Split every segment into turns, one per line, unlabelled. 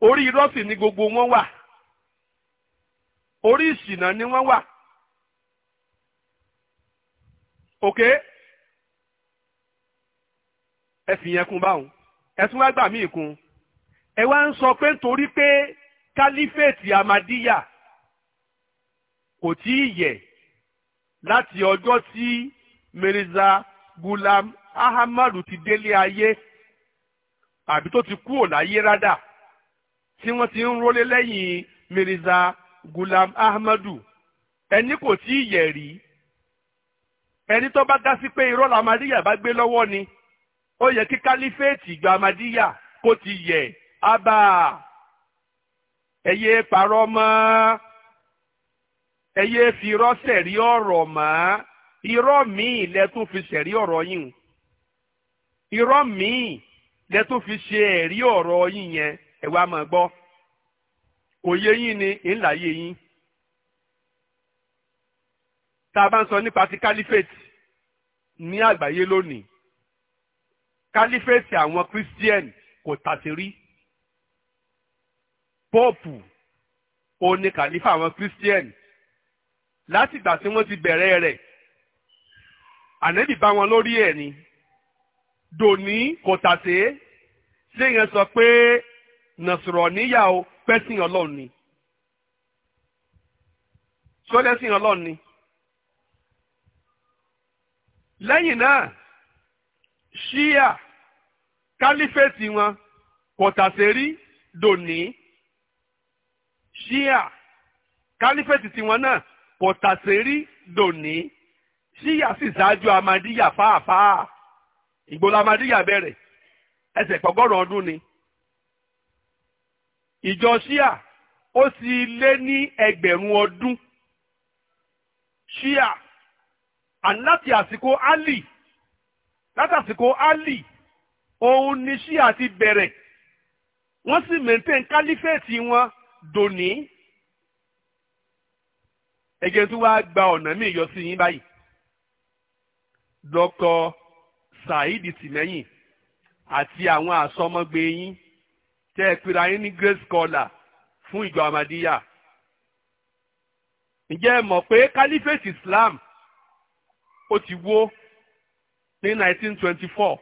orí irọ́ sì ni gbogbo wọn wà orí ìṣìnà ni wọ́n wà ok ẹ fi yẹn kún báwọn ẹ tún wá gbà kún ẹ wá ń sọ pé nítorí pé kálífèètì amadiya kò tí ì yẹ láti ọjọ́ tí mirza gulam ti délé ayé àbí tó ti kúrò láyé rádà. tí wọ́n ti ń rólé lẹ́yìn Mirza Gulam Ahmadu ẹni kò tí ì yẹ̀ rí ẹni tó bá dá sí pé irọ́ làmàdíyà bá gbé lọ́wọ́ ni ó yẹ kí kálífẹ́ẹ̀tì ìjọ àmàdíyà kó ti yẹ̀ abá ẹ̀yẹ parọ́ mọ́ ẹ̀yẹ fi irọ́ sẹ̀rí ọ̀rọ̀ mọ́ irọ́ míì lẹ tún fi sẹ̀rí ọ̀rọ̀ yìí irọ́ míì lẹ tún fi ṣe ẹ̀rí ọ̀rọ̀ yìí yẹn ẹ wá máa gbọ́ kò yé yín ni ńlá yé yín tá a bá ń sọ nípa ti kálífèètì ní àgbáyé lónìí kálífèètì àwọn kírísítíẹ̀nì kò tàṣírí póòpù òun ni kàlífà àwọn kírísítíẹ̀nì látìgbà tí wọ́n ti bẹ̀rẹ̀ rẹ̀ ànẹ́bì bá wọn lórí ẹ̀ ni dòní kò tàṣé ṣé yẹn sọ pé nàṣọ̀rọ̀ níyà o pẹ́sìn ọlọ́run ni sọ́dẹ́sìn ọlọ́run ni. lẹ́yìn náà ṣíà kálífẹ̀tì wọn kọ̀tàṣẹ́rí dòní ṣíà kálífẹ̀tì tiwọn náà kọ̀tàṣẹ́rí dòní ṣíyà sì ṣáájú amadíyà fáàfáà ìgbòlá amadíyà bẹ̀rẹ̀ ẹsẹ̀ pọ̀gọ́rùn ọdún ni ìjọ ṣíà ó sì lé ní ẹgbẹ̀rún ọdún ṣíà àní láti àsìkò ali látàsìkò ali òun ni ṣíà ti bẹ̀rẹ̀ wọ́n sì maintain kálífẹ̀tì wọn dòní ẹgẹ tó wá gba ọ̀nà míì yọ sí yín báyìí Dr. Saheed Tìmẹ́yìn àti àwọn àsọmọgbé yín tẹ́ ẹ pera yín ní grace scholar fún ìjọ amadiya ǹjẹ́ ẹ mọ̀ pé caliphate islam ó ti wó ní 1924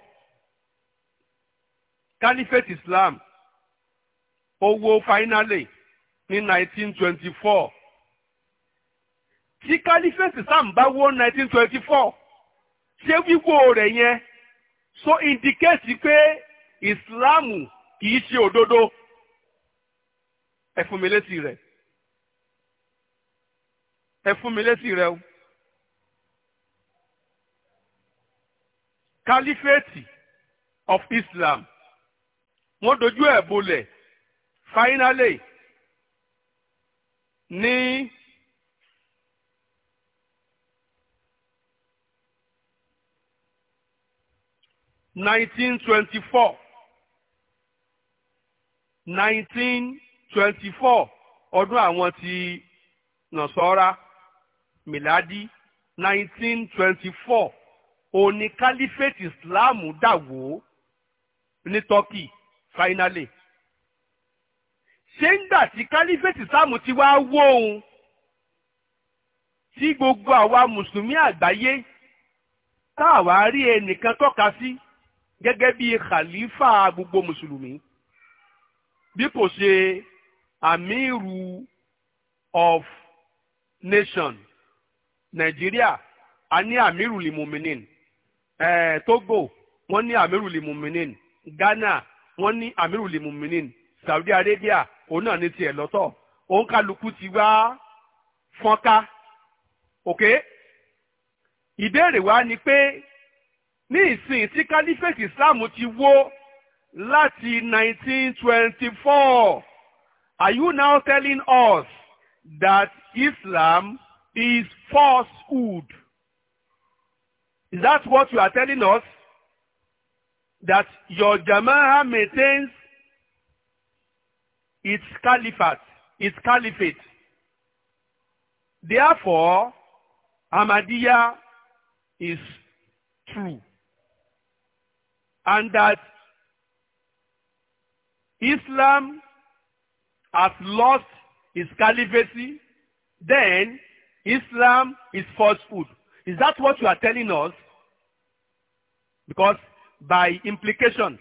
caliphate islam ó wó finally ní 1924 tí caliphate islam bá wó 1924 ṣé wíwó rẹ̀ yẹn so indicate pé ìsìláàmù kì í ṣe òdodo ẹ fún mi létí rẹ̀ ẹ fún o. Kálífẹ́ẹ̀tì of Islam wọ́n dojú ẹ̀ bolẹ̀ finally ní nineteen twenty four nineteen twenty four ọdún àwọn ti nàṣọ́ra miladi nineteen twenty four òní kálífẹ̀tì ìsìláàmù dàwó ní turkey finally ṣé ń gbà tí kálífẹ̀tì ìsìláàmù ti wá wó òun tí gbogbo àwa mùsùlùmí àgbáyé tá àwa rí ẹnìkan tọ́ka sí gẹ́gẹ́ bí khalifa gbogbo mùsùlùmí bí kò ṣe amiru of nation nàìjíríà a ní amiru limuminin eh, togo wọ́n ní amiru limuminin ghana wọ́n ní amiru limuminin saudi arabia òun náà ní tiẹ̀ lọ́tọ̀ òun kálukú ti wá fọ́nká okay ìbéèrè wa ni pé ní ìsìn tí kálífẹ̀tì islam ti wó láti 1924. Are you now telling us that Islam is falsehood? Is that what you are telling us? That your Jama'ah maintains its caliphate, its caliphate. Therefore, Ahmadiyya is true. And that Islam has lost its caliphate, then Islam is falsehood. Is that what you are telling us? Because by implication,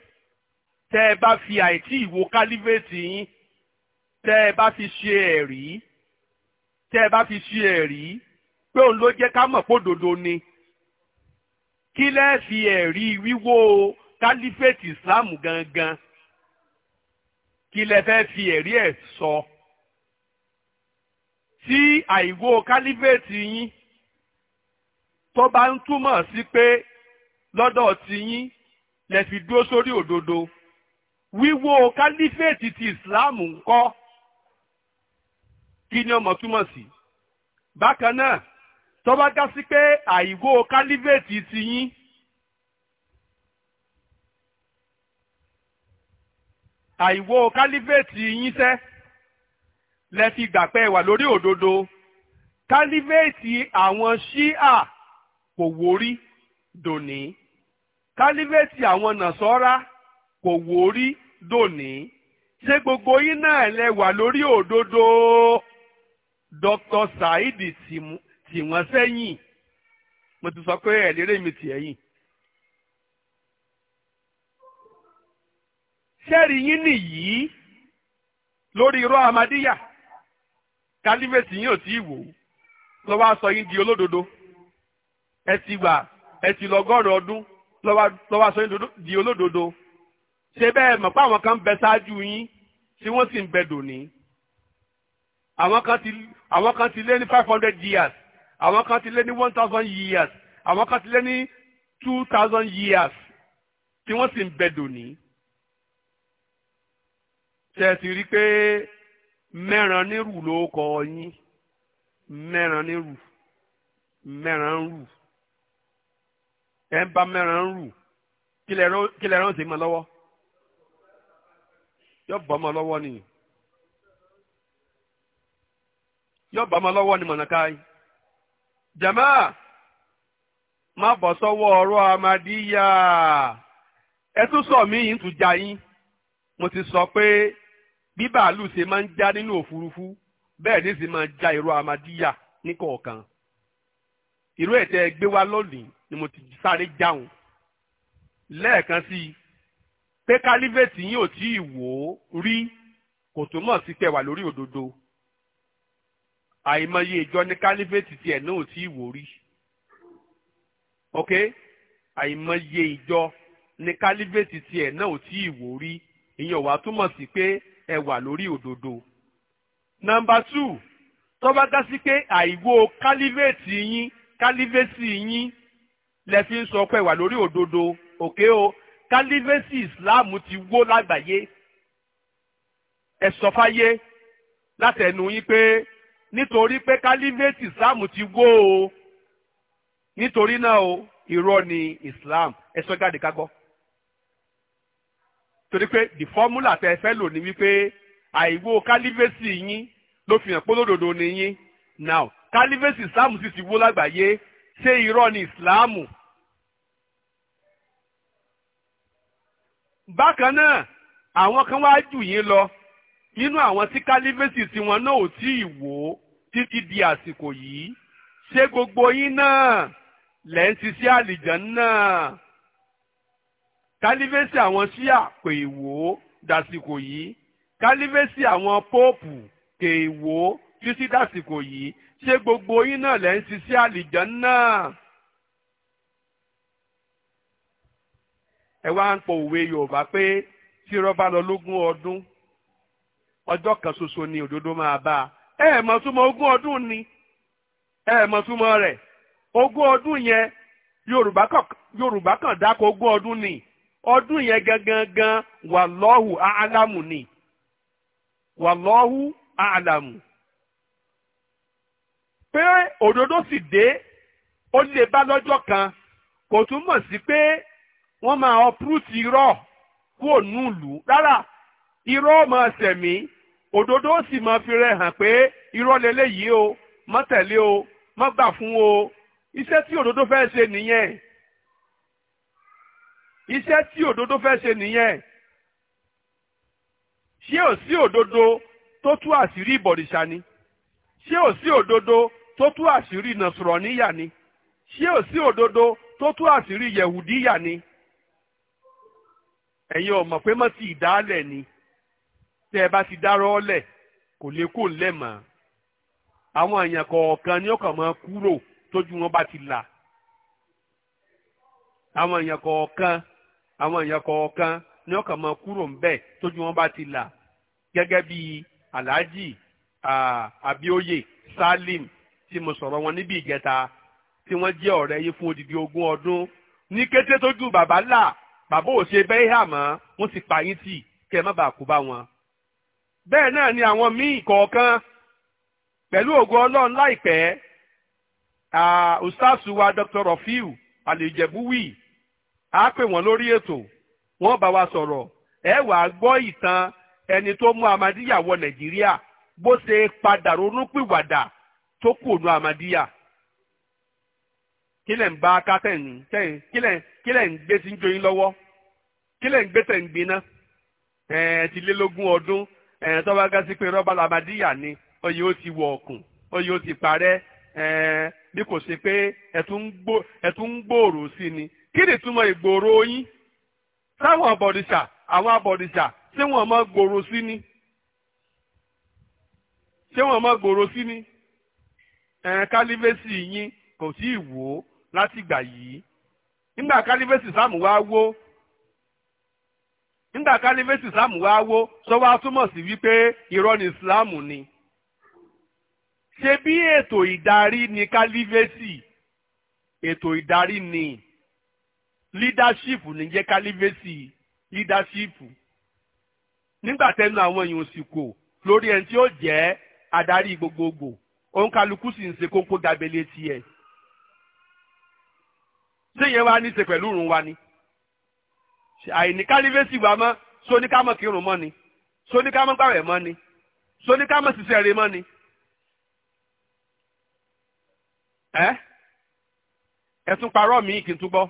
tẹ́ ẹ bá fi àìtí ìwo caliphate yín, tẹ́ ẹ bá fi ṣe ẹ̀rí, tẹ́ ẹ bá fi ṣe ẹ̀rí, pé òun ló jẹ́ ká mọ̀ pódodo ni. Kí lẹ́ẹ̀ fi ẹ̀rí wíwó caliphate Islam gangan? kí lẹ fẹ́ fi ẹ̀rí ẹ̀ sọ tí àìwò kálífẹ̀tì yín tó bá ń túmọ̀ sí pé lọ́dọ̀ ti yín lẹ fi dúró sórí òdodo wíwò kálífẹ̀tì ti ìsìláàmù ńkọ́ kí ni ọmọ túmọ̀ sí bákan náà tó bá dá sí pé àìwò kálífẹ̀tì ti yín. àìwò kálífèètì yín sẹ́ lẹ fi gbà pé wà lórí òdodo kálífèètì àwọn ṣíà kò wórí dòní kálífèètì àwọn nàṣọ́ra kò wórí dòní ṣé gbogbo yín náà lẹ wà lórí òdodo Dr. Saidi tì wọ́n sẹ́yìn mo ti sọ pé ẹ̀lérè mi tì ẹ̀yìn sẹ́ẹ̀rì yín nìyí lórí irọ́ amadíyà kálífẹ̀sì yín ò tí ì wò ló wá sọ yín di olódodo ẹ ti wà ẹ ti lọ́gọ́rùn ọdún ló wá sọ yín di olódodo ṣé bẹ́ẹ̀ mọ̀ pé àwọn kan ń bẹ ṣáájú yín tí wọ́n sì ń bẹ dòní àwọn kan ti lé ní five hundred years àwọn kan ti lé ní one thousand years àwọn kan ti lé ní two thousand years tí wọ́n sì ń bẹ dòní ṣe ti rí pé mẹ́ran nírù ló kọ yín mẹ́ran nírù mẹ́ran ń rù ń bá mẹ́ran ń kí ma lọ́wọ́ ni mọ̀nàkáyì. jama má bọ̀ sọ́wọ́ ọ̀rọ̀ amadíyà ẹ mo ti sọ pé bí bàálù ṣe máa ń já nínú òfurufú bẹ́ẹ̀ ní sì máa já ìró amadíyà ní kọ̀ọ̀kan ìró ẹ̀tẹ́ gbé wá lónìí ni mo ti sáré jáun lẹ́ẹ̀kan sí i pé kálífẹ̀tì yín ò tí ì wò ó rí kò túmọ̀ sí pé wà lórí òdodo àìmọye ìjọ ní kálífẹ̀tì tiẹ̀ náà ò tí ì wò rí ok àìmọye ìjọ ní kálífẹ̀tì tiẹ̀ náà ò tí ì wò rí ìyẹn ò wá túmọ̀ sí pé ẹ wà lórí òdodo. nọmba two tó bá dá sí pé àìwò kálífẹ̀tì yín kálífẹ̀sì yín lẹ fi ń sọ pé ẹ wà lórí òdodo òkè o kálífẹ̀sì ìsìláàmù ti wó lágbàáyé ẹ sọ fáyé látẹnu yín pé nítorí pé kálífẹ̀tì ìsìláàmù ti wó o nítorí náà o irọ́ ni islam ẹ sọ jáde ká gbọ́ torí pé the formula tẹ fẹ́ lò ní wípé àìwò kálífẹ́sì yín ló fi hàn pé olódodo ni yín now kálífẹ́sì islam sì ti wó lágbàáyé ṣé irọ́ ni islam. bákan náà àwọn kan wá jù yín lọ nínú àwọn tí kálífẹ́sì tiwọn náà ò tí ì wò ó títí di àsìkò yìí ṣé gbogbo yín náà lẹ́ ń ṣiṣẹ́ àlìjàn náà kálífẹ́sì àwọn ṣíà kò ì wò ó dàsìkò yìí kálífẹ́sì àwọn póòpù kò ì wò ó títí dàsìkò yìí ṣé gbogbo yín náà lẹ́ ń ṣiṣẹ́ àlìjàn náà. ẹ wá ń pọ òwe Yorùbá pé tí rọ́bà lọ lógún ọdún ọjọ́ kan ṣoṣo ni òdodo máa bá a ẹ mọ̀ túmọ̀ ogún ọdún ni ẹ mọ̀ túmọ̀ rẹ̀ ogún ọdún yẹn Yorùbá kan dákọ̀ ogún ọdún ni. ọdún yẹn gangan wà wàlọ́hù àálàmù ni wà wàlọ́hù àálàmù pé òdodo sì dé ó lè bá lọ́jọ́ kan kò mọ̀ sí pé wọ́n máa ọpúrútì irọ́ kúò núùlù rárá irọ́ máa sẹ̀mí òdodo sì máa fi rẹ̀ hàn pé irọ́ lélẹ́yìí o má tẹ̀lé o má fún o iṣẹ́ tí òdodo fẹ́ ṣe nìyẹn. iṣẹ́ tí òdodo fẹ́ ṣe nìyẹn ṣé ò sí òdodo tó tú àṣírí ìbọ̀rìṣà ni ṣé ò sí òdodo tó tú àṣírí nàṣùrọ̀níyà ni ṣé ò sí òdodo tó tú àṣírí yẹ̀wùdíyà ni ẹ̀yin ò pé mọ́ ti ìdálẹ̀ ni tẹ́ ẹ bá ti dárọ́ ọ́lẹ̀ kò lè kó lẹ̀ mọ́ àwọn èèyàn kọ̀ọ̀kan ni ó máa kúrò tójú wọn bá ti là àwọn èèyàn kọ̀ọ̀kan àwọn èèyàn kọ̀ọ̀kan ni wọ́n kàn máa kúrò ńbẹ̀ tójú wọn bá ti là gẹ́gẹ́ bí alhaji abioye salim tí mo sọ̀rọ̀ wọn níbi ìjẹta tí wọ́n jẹ́ ọ̀rẹ́ yìí fún odidi ogún ọdún ní kété tójú bàbá là bàbá ò ṣe bẹ́ẹ̀ hà mọ́ wọ́n ti pa yín tì kẹ́ ẹ má bàa kú bá wọn. bẹ́ẹ̀ náà ni àwọn míì kọ̀ọ̀kan pẹ̀lú ògo ọlọ́run láìpẹ́ ustaasu wa dr rafiu alèjẹ̀búwì a pè wọ́n lórí ètò wọ́n bá wa sọ̀rọ̀ ẹ wàá gbọ́ ìtàn ẹni tó mú Ahmadiyya wọ Nàìjíríà bó ṣe padà ronúpìwàdà tó kù ònú Ahmadiyya kílẹ̀ ń bá ká tẹ̀yìn tẹ̀yìn kílẹ̀ ń gbé sí ń joyin lọ́wọ́ kílẹ̀ ń gbé tẹ̀ ń gbiná ẹ̀ẹ́n ti lé lógún ọdún ẹ̀ẹ́n tó bá ga sí pé rọ́bà làmàdíyà ni oyè ó ti wọ ọ̀kùn oyè ó ti parẹ́ ẹ̀ẹ́n bí kò ṣe pé ẹ̀tún ń gbòòrò sí ni kí ni túmọ̀ ìgboro yín táwọn abọ̀dìṣà àwọn abọ̀dìṣà ṣé wọ́n máa gbòòrò sí ni ṣé wọ́n máa gbòòrò sí ni ẹ̀ẹ́n kálífẹ́sì yín kò sí ìwò látìgbà yìí nígbà kálífẹ́sì sáàmù wá wó nígbà kálífẹ́sì sáàmù wá wó sọ wá túmọ̀ sí wípé irọ́ ni ìsìláàmù ni ṣé bí ètò ìdarí ni kálífẹ́sì ètò ni. leadership ní jẹ́ kálífẹ́sì leadership nígbà tẹnu àwọn èèyàn sì kò lórí ẹni tí ó jẹ́ adarí gbogbogbò òun kálukú sì ń ṣe kókó gabele tiẹ̀ ṣé yẹn wá ní ṣe pẹ̀lú òrùn wa ni àìní kálífẹ́sì wa mọ́ sóníkámọ̀ kírun mọ́ ni sóníkámọ̀ gbàwẹ̀ mọ́ ni sóníkámọ̀ ṣiṣẹ́ rẹ mọ́ ni. ẹ ẹ tún parọ́ mi kí n tún gbọ́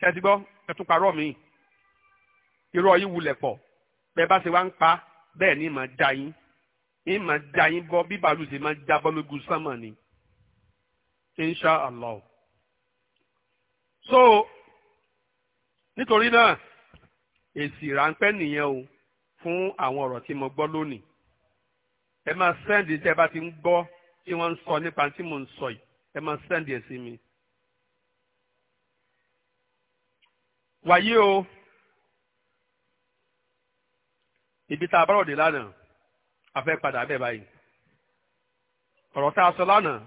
ṣe ti gbọ́ ẹ tún parọ́ mi irọ́ yìí wulẹ̀ pọ̀ bẹ́ẹ̀ bá ṣe wá ń pa bẹ́ẹ̀ ni mà já yín ni mà já yín bọ́ bí bàálù ṣe máa já bọ́ lójú sánmà ni insha allah so nítorí náà èsì ráńpẹ́ nìyẹn o fún àwọn ọ̀rọ̀ tí mo gbọ́ lónìí ẹ máa sẹ́ndì tẹ́ ẹ bá ti ń gbọ́ tí wọ́n ń sọ nípa tí mò ń sọ yìí ẹ máa sẹ́ndì ẹ̀ sí mi. wàyí o ibi tá a bá rọ̀dé lánàá a fẹ́ padà bẹ́ẹ̀ báyìí ọ̀rọ̀ tá a sọ lánàá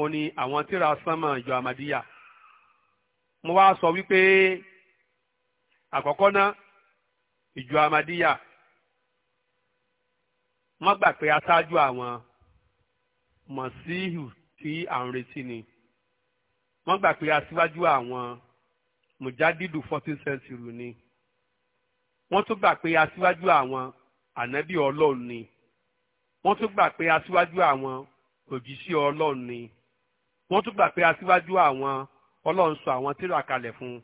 o ní àwọn tíra sánmà ìjọ àmàdíyà mo wá sọ wípé àkọ́kọ́ náà ìjọ àmàdíyà wọ́n gbà pé aṣáájú àwọn mọ̀síhù tí à ń retí ni wọ́n gbà pé aṣíwájú àwọn mujadidu fourteen century ni wọ́n tún gbà pé aṣíwájú àwọn ànábì ọlọ́run ni wọ́n tún gbà pé aṣíwájú àwọn òjíṣẹ́ ọlọ́run ni wọ́n tún gbà pé aṣíwájú àwọn ọlọ́run sọ àwọn tírà kalẹ̀ fún un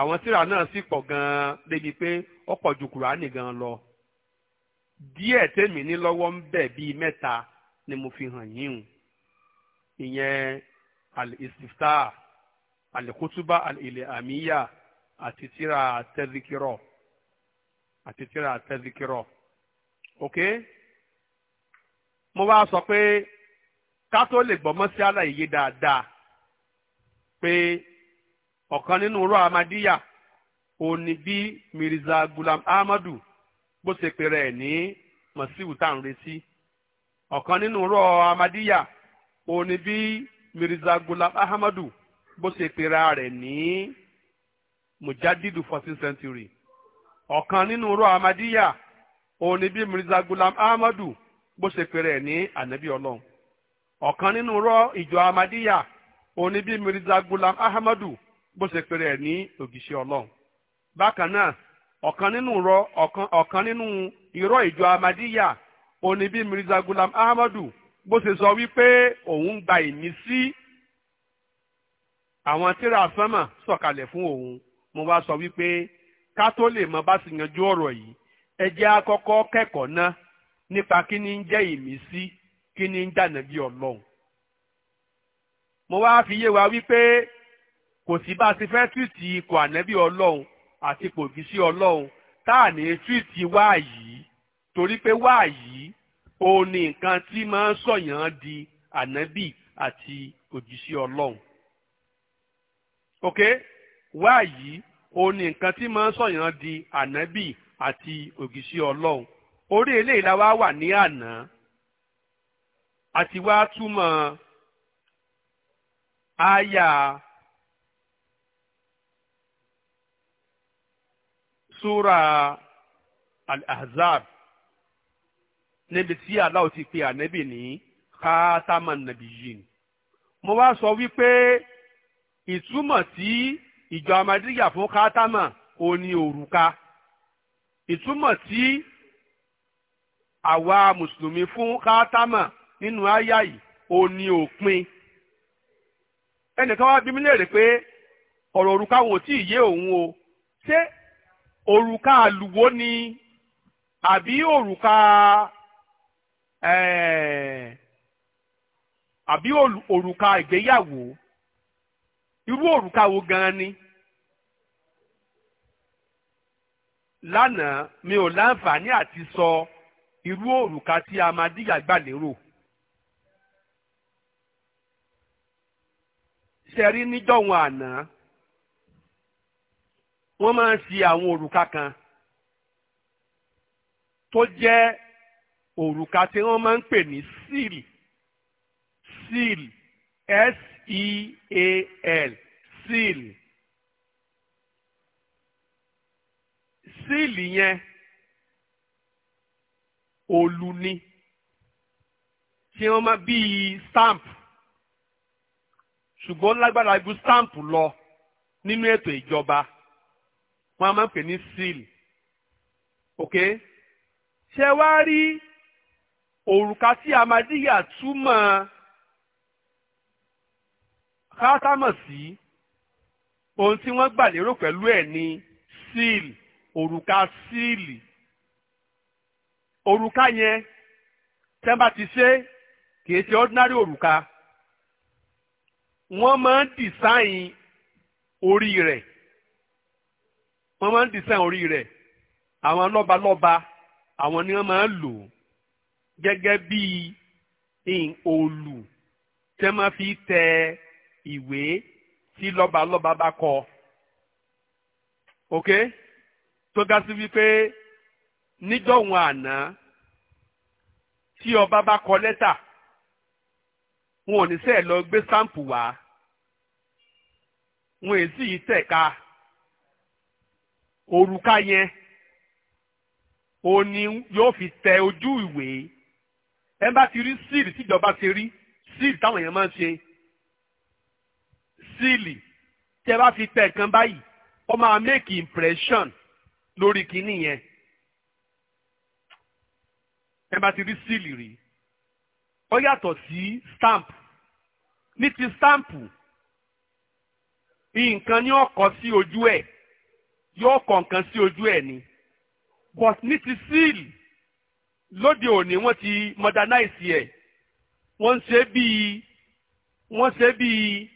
àwọn tírà náà sì pọ̀ gan-an débi pé ó pọ̀ ju kùránì gan-an lọ díẹ̀ tèmi ní lọ́wọ́ ń bẹ̀ bíi mẹ́ta ni mo fi hàn yín ìyẹn al alikutuba alilamiya atitira tírà atitira àti tírà tẹ́díkírọ̀ ok mo wá sọ pé ká tó lè gbọ́ mọ́sí aláìyé dáadáa pé ọ̀kan nínú rọ amadíyà òun ni bí mirza gulam ahmadu bó ṣe pèrè ẹ̀ ní mọ̀síwù tá à ń retí ọ̀kan nínú rọ amadíyà òun ni bí mirza gulam ahmadu bó ṣe pera rẹ̀ ní mujadidu fourteen century ọ̀kan nínú rọ amadiya òun ni bí mirza gulam ahmadu bó ṣe pera ẹ̀ ní ànábì ọlọ́run ọ̀kan nínú rọ ìjọ amadiya òun ni bí mirza gulam ahmadu bó ṣe pera ẹ̀ ní ògìṣẹ́ ọlọ́run bákan náà ọ̀kan nínú rọ ọ̀kan ọ̀kan nínú irọ́ ìjọ amadiya òun ni bí mirza gulam ahmadu bó ṣe sọ wípé òun gba ìmísí àwọn tíra sánmà sọ̀kalẹ̀ fún òun mo wá sọ wípé ká tó lè mọ bá sì yanjú ọ̀rọ̀ yìí ẹ jẹ́ kẹ́kọ̀ọ́ ná nípa kí ni ń jẹ́ ìmísí kí ni ń dànà bí ọlọ́run. mo wá fi yé wa wípé kò sí bá a ti fẹ́ tìtì ikọ̀ ànẹ́bí ọlọ́run àti kòkì sí ọlọ́run tá à ní tìtì wá yìí torí pé wá yìí òun ni nǹkan tí máa ń sọ̀yàn di ànẹ́bí àti òjìṣẹ́ ọlọ́run ok wáàyí òun ni nǹkan tí máa ń sọ̀yàn di ànábì àti ògìṣẹ́ ọlọ́run orí eléyìí la wá wà ní àná àti wá túmọ̀ àyà súra al-ahzab níbi tí aláwọ̀ ti pe ànábì ní káátámà nàbìyìn mo wá sọ wípé. ìtumọ̀ tí ìjọ amadíyà fún kátámà òní òrùka ìtumọ̀ tí àwa mùsùlùmí fún kátámà nínú àyà yìí ò òpin ẹnìkan wá bí mi léèrè pé ọ̀rọ̀ òrùka wọn ò tí ì yé òun o ṣé òrùka àlùwò ni àbí òrùka àbí òrùka ìgbéyàwó. irú òrùka wo gan-an ni. lánàá mi ò láǹfààní àti sọ irú òrùka tí a máa díyà gbà lérò. sẹ́rí níjọ́hun àná wọ́n máa ń ṣe àwọn òrùka kan tó jẹ́ òrùka tí wọ́n máa ń pè ní síìlì síìlì s-e-a-l seal seal yẹn òlu ni tí wọ́n máa bíi stamp ṣùgbọ́n lágbára ju stamp lọ nínú ètò ìjọba wọ́n máa ń pè ní seal ok ṣé wàá rí òrùka tí amadíyà túmọ̀ kátámọ̀ sí ohun tí wọ́n gbà lérò pẹ̀lú ẹ̀ ní síìlì òrùka síìlì òrùka yẹn tẹ́ bá ti ṣe kìí ṣe ordinary òrùka wọ́n máa ń dìsáìn orí rẹ̀ wọ́n máa ń dìsáìn orí rẹ̀ àwọn lọ́balọ́ba àwọn ni wọ́n máa ń lò gẹ́gẹ́ bíi òòlù tẹ́ máa fi tẹ ìwé tí lọ́balọ́ba bá kọ ok tó ga sí wípé níjọ́hun àná tí ọba bá kọ lẹ́tà wọn ò ní sẹ́ẹ̀ lọ gbé sáǹpù wá wọn èsì yìí tẹ̀ka òrùka yẹn òní yóò fi tẹ ojú ìwé ẹ bá ti rí síìlì tíjọba ti rí síìlì táwọn èèyàn máa ń ṣe síìlì tẹ́ bá fi tẹ̀ kan báyìí ó máa make impression lórí kinní yẹn ẹ bá ti rí síìlì rí ó yàtọ̀ sí stamp ní ti stamp nǹkan ni ó kọ sí ojú ẹ̀ yóò kọ nǹkan sí ojú ẹ̀ ni but ní ti síìlì lóde òní wọ́n ti modernize ẹ̀ wọ́n ṣe bíi wọ́n ṣe bíi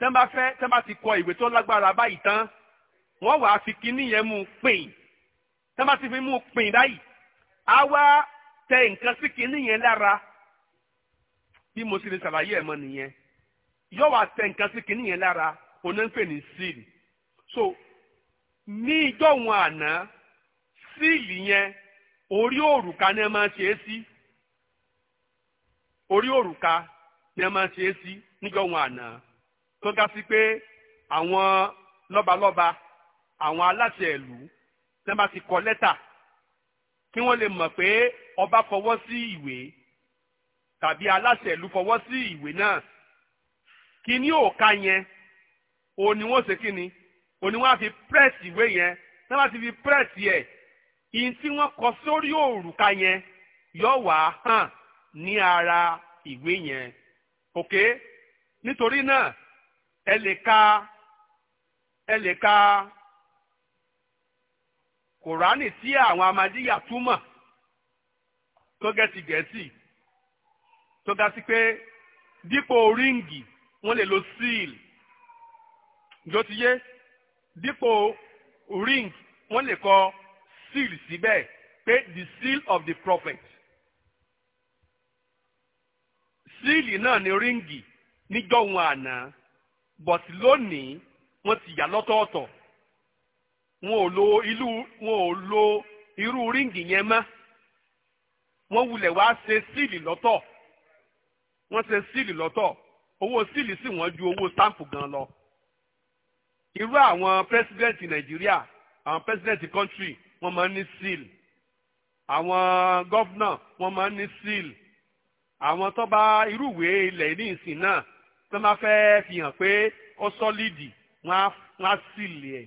tán bá fẹ́ tán bá ti kọ ìwé tó lágbára báyìí tán wọ́n wàá fi kíní yẹn mú un pín tán bá ti fi mú un pín báyìí á wá tẹ nǹkan sí kíní yẹn lára bí mo sì lè ṣàlàyé ẹ̀ mọ́ nìyẹn yóò wá tẹ nǹkan sí kíní yẹn lára onífẹ̀ ní síìlì so ní ìjọ wọn àná síìlì yẹn orí òrùka ni ẹ máa ṣe é sí orí òrùka ni ẹ máa ṣe é sí níjọ wọn àná tó ga sí pé àwọn lọ́balọ́ba àwọn aláṣẹ ìlú tẹ́ bá ti kọ lẹ́tà kí wọ́n lè mọ̀ pé ọba fọwọ́ sí ìwé tàbí aláṣẹ ìlú fọwọ́ sí ìwé náà kí ní òka yẹn òun ni ṣe kí ni òun á fi press ìwé yẹn tẹ́ bá ti fi press yẹ ìyìn tí wọ́n kọ sórí òrùka yẹn yóò wá hàn ní ara ìwé yẹn ok nítorí náà ẹ lè ka ẹ lè ka kòránì tí àwọn amadíyà túmọ̀ tó gẹ̀ẹ́sì gẹ̀ẹ́sì tó ga sí pé dípò ríǹgì wọ́n lè lo síìl ló ti yé dípò ríǹg wọ́n lè kọ síìl síbẹ̀ pé the seal of the prophet síìlì náà ni ríǹgì níjọ́ òun àná but lónìí wọ́n ti yà lọ́tọ̀ọ̀tọ̀ wọn ò lo ìlú wọn ò lo irú ríǹgì yẹn mọ́ wọ́n wulẹ̀ wá ṣe síìlì lọ́tọ̀ wọ́n ṣe síìlì lọ́tọ̀ owó síìlì sì wọ́n ju owó sáǹpù gan lọ irú àwọn pẹ́sidẹ́ǹtì nàìjíríà àwọn pẹ́sidẹ́ǹtì kọ́ńtírì wọ́n máa ń ní síìlì àwọn gọ́fúnà wọ́n máa ń ní síìlì àwọn tó bá irúwèé ilẹ̀ ní ìsìn náà tó máa fẹ́ fi hàn pé ó sọ́lídì wọ́n á sílẹ̀